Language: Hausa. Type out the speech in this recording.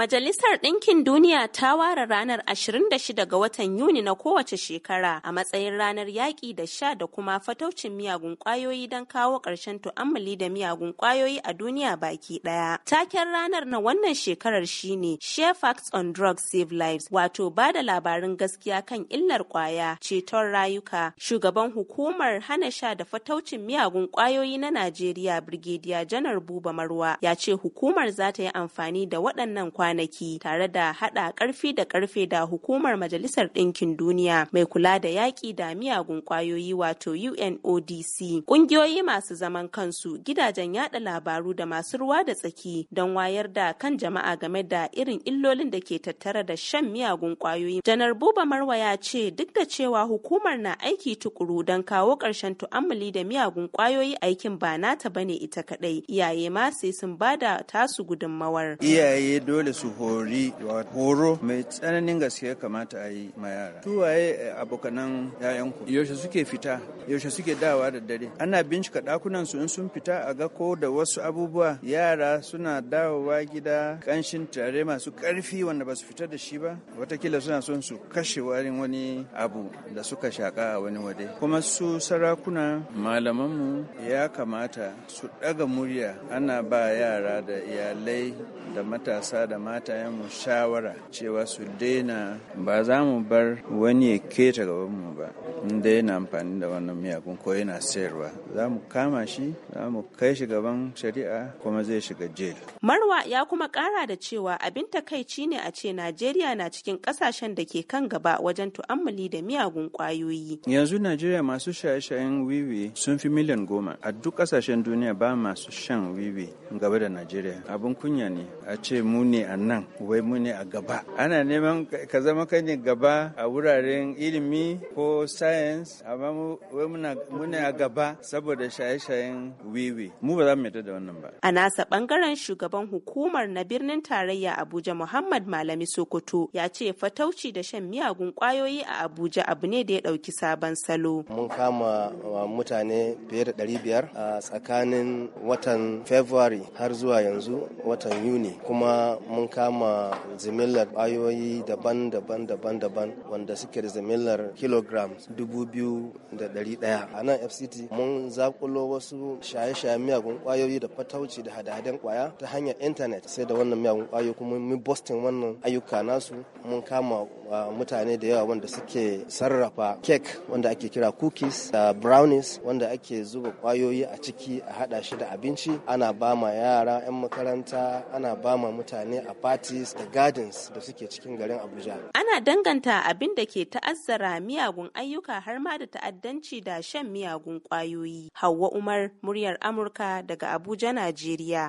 Majalisar Ɗinkin Duniya ta ware ranar 26 ga watan Yuni na kowace shekara a matsayin ranar yaƙi da sha da kuma fataucin miyagun ƙwayoyi don kawo ƙarshen tu'ammali da miyagun ƙwayoyi a duniya baki ɗaya. Taken ranar na wannan shekarar shine Share Facts on Drugs Save Lives, wato ba da labarin gaskiya kan illar ƙwaya, ceton rayuka. Shugaban hukumar hana sha da fataucin miyagun ƙwayoyi na Najeriya Brigadier Janar Buba Marwa ya ce hukumar za ta yi amfani da waɗannan kwanaki. kwanaki tare da haɗa ƙarfi da karfe da hukumar Majalisar Ɗinkin Duniya mai kula da yaƙi da miyagun ƙwayoyi wato UNODC. Ƙungiyoyi masu zaman kansu, gidajen yaɗa labaru da masu ruwa da tsaki don wayar da kan jama'a game da irin illolin da ke tattare da shan miyagun ƙwayoyi. Janar Buba Marwa ya ce duk da cewa hukumar na aiki tukuru don kawo ƙarshen tu'ammali da miyagun ƙwayoyi aikin ba nata bane ita kaɗai. Iyaye ma sai sun bada tasu gudunmawar. Iyaye dole su hori horo mai tsananin gaske ya kamata a yi ma yara tuwaye eh, abokanan yayanku yaushe suke fita yaushe suke dawa da dare ana bincika dakunan su in sun fita a ga ko da wasu abubuwa yara suna dawowa gida kanshin tare masu karfi wanda ba su fita da shi ba watakila suna son su kashe warin wani abu da suka shaka a wani wade kuma su sarakuna malamanmu ya kamata su daga murya ana ba yara da iyalai da matasa da ya mu shawara cewa su daina ba za mu bar wani ya keta gabanmu ba inda yana amfani da wannan miyagun ko yana sayarwa za mu kama shi za mu kai shi gaban shari'a kuma zai shiga jail. marwa ya kuma kara da cewa abin takaici ne a ce najeriya na cikin kasashen da ke kan gaba wajen tu'ammali da miyagun kwayoyi yanzu najeriya masu shaye-shayen wiwi sun fi miliyan goma a duk kasashen duniya ba masu shan wiwi gaba da najeriya Abun kunya ne a ce mu ne a nan wai mu ne a gaba ana neman ka zama kai ne gaba a wuraren ilimi ko science amma wai mu ne a gaba saboda shaye-shayen wiwi mu ba za mu yadda da wannan ba a nasa bangaren shugaban hukumar na birnin tarayya abuja muhammad malami sokoto ya ce fatauci da shan miyagun kwayoyi a abuja abu ne da ya dauki sabon salo mun kama mutane fiye da biyar a tsakanin watan february har zuwa yanzu watan yuni kuma mun kama zimillar ayoyi daban-daban daban-daban wanda suke da zimillar kilogram dubu ɗaya a nan fct mun zakulo wasu shaye-shaye miyagun kwayoyi da fatauci da hada-hadan kwaya ta hanyar intanet sai da wannan miyagun kwayoyi kuma mi boston wannan ayyuka nasu mun kama mutane da yawa wanda suke sarrafa kek wanda ake kira cookies da brownies wanda ake zuba kwayoyi a ciki a hada shi da abinci ana ba ma yara 'yan makaranta ana ba ma mutane parties da gardens da suke cikin garin abuja ana danganta abin da ke ta'azzara miyagun ayyuka har ma da ta'addanci da shan miyagun ƙwayoyi. Hauwa umar muryar amurka daga abuja najeriya